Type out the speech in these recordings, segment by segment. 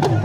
time.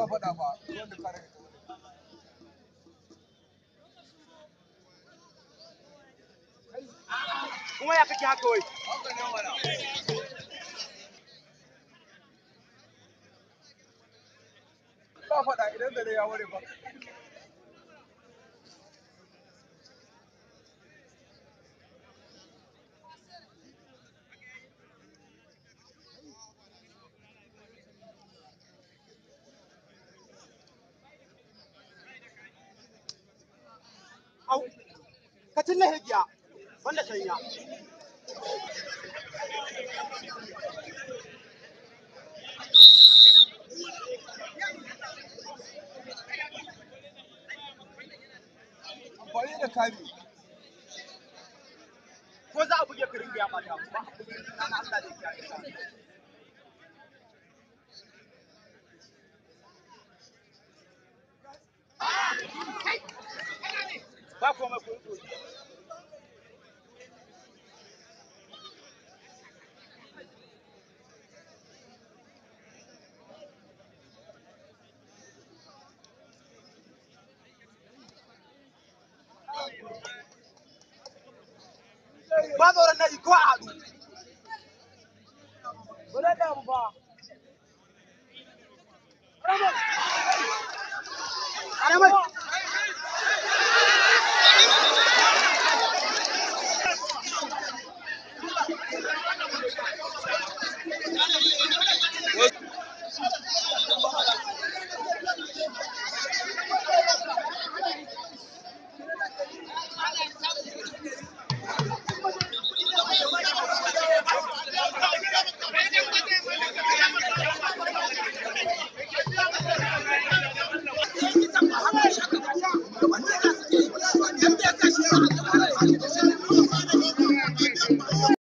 ba faɗa ba wanda ka rage kuma ya kake haka wai ba faɗa idan da ya ware ba au katin na hegiya wanda sanya amfani da kari ko za a buge ka ringa ya mata ba a buge na Allah da ya ba tsoron ko a haɗu. da ba.